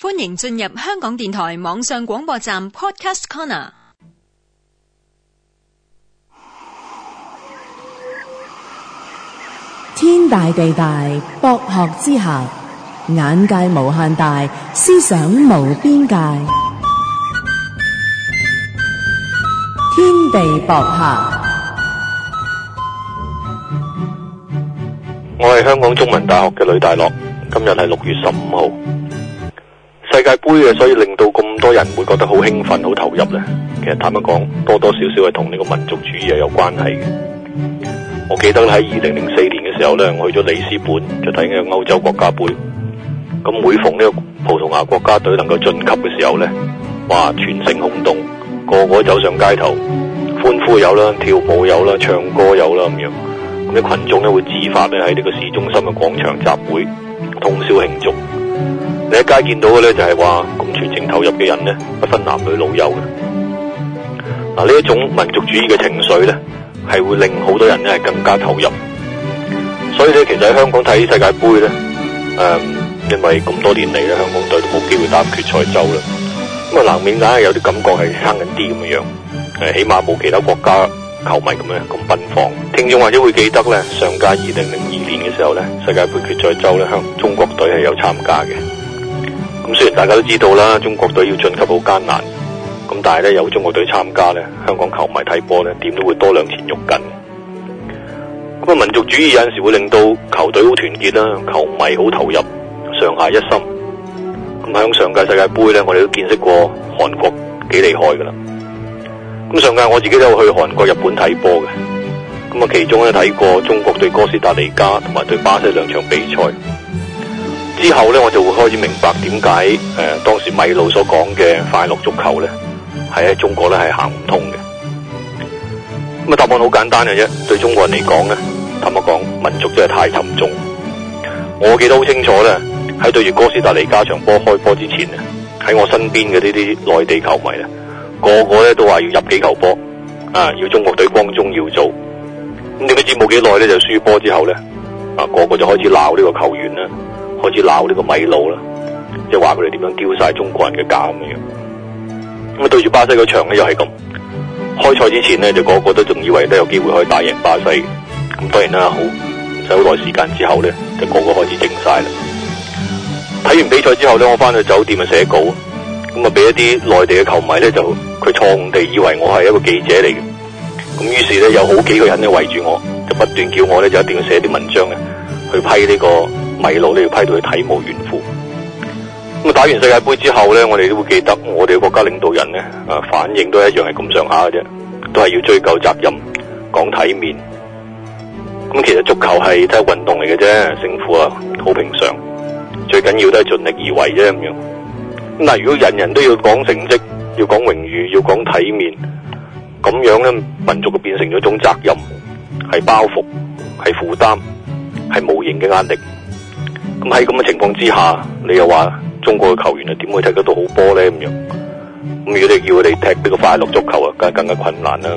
歡迎進入香港電台網上廣播站 Podcast Corner。天大地大，博學之下，眼界無限大，思想無邊界。天地博客，我係香港中文大學嘅呂大樂，今日係六月十五號。世界盃啊，所以令到咁多人會覺得好興奮、好投入咧。其實坦白講，多多少少係同呢個民族主義係有關係嘅。我記得喺二零零四年嘅時候咧，我去咗里斯本，就睇緊歐洲國家盃。咁每逢呢個葡萄牙國家隊能夠晉級嘅時候咧，哇，全城轟動，個個走上街頭，歡呼有啦，跳舞有啦，唱歌有啦咁樣。咁啲群眾咧會自發咧喺呢個市中心嘅廣場集會，通宵慶祝。你喺街見到嘅咧，就係話咁全情投入嘅人咧，不分男女老幼嘅。嗱，呢一種民族主義嘅情緒咧，係會令好多人咧，係更加投入。所以咧，其實喺香港睇世界杯咧，誒，因為咁多年嚟咧，香港隊都冇機會打決賽周啦，咁啊，難免梗係有啲感覺係差緊啲咁嘅樣。誒，起碼冇其他國家球迷咁樣咁奔放。聽眾或者會記得咧，上屆二零零二年嘅時候咧，世界杯決賽周咧，香中國隊係有參加嘅。咁雖然大家都知道啦，中國隊要晉級好艱難，咁但係咧，有中國隊參加咧，香港球迷睇波咧，點都會多兩錢肉緊。咁啊，民族主義有陣時會令到球隊好團結啦，球迷好投入，上下一心。咁向上屆世界杯咧，我哋都見識過韓國幾厲害噶啦。咁上屆我自己都有去韓國、日本睇波嘅。咁啊，其中咧睇過中國對哥斯達黎加同埋對巴西兩場比賽。之後呢，我就會開始明白點解誒，當時米盧所講嘅快樂足球呢，係，喺中國呢係行唔通嘅。咁啊，答案好簡單嘅啫，對中國人嚟講呢，坦白講民族真係太沉重。我記得好清楚呢，喺對住哥斯達黎加場波開波之前咧，喺我身邊嘅呢啲內地球迷啊，個個呢都話要入幾球波啊，要中國隊光宗耀祖。那你點不知冇幾耐呢就輸波之後呢，啊個個就開始鬧呢個球員啦。開始鬧呢個米盧啦，即係話佢哋點樣丟晒中國人嘅架咁樣。咁啊對住巴西個場呢又係咁，開賽之前呢，就個個都仲以為都有機會可以打贏巴西。咁當然啦，好，唔使好耐時間之後呢，就個個開始靜晒啦。睇完比賽之後呢，我翻去酒店去寫稿，咁啊俾一啲內地嘅球迷呢，就佢錯誤地以為我係一個記者嚟嘅。咁於是呢，有好幾個人呢圍住我，就不斷叫我呢，就一定要寫啲文章嘅，去批呢個米路，你要批到去體無完膚。咁打完世界杯之後咧，我哋都會記得我哋嘅國家領導人咧，啊反應都一樣係咁上下嘅啫，都係要追究責任，講體面。咁其實足球係都係運動嚟嘅啫，勝負啊好平常，最緊要都係盡力而為啫咁樣。咁嗱，如果人人都要講成績，要講榮譽，要講體面，咁樣咧，民族就變成咗一種責任，係包袱，係負擔，係無形嘅壓力。咁喺咁嘅情況之下，你又話中國嘅球員啊點會踢得到好波呢？咁樣，如果你要佢哋踢呢個快樂足球啊，梗係更加困難啦。